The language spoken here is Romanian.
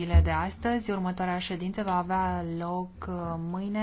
zile de astăzi. Următoarea ședință va avea loc uh, mâine.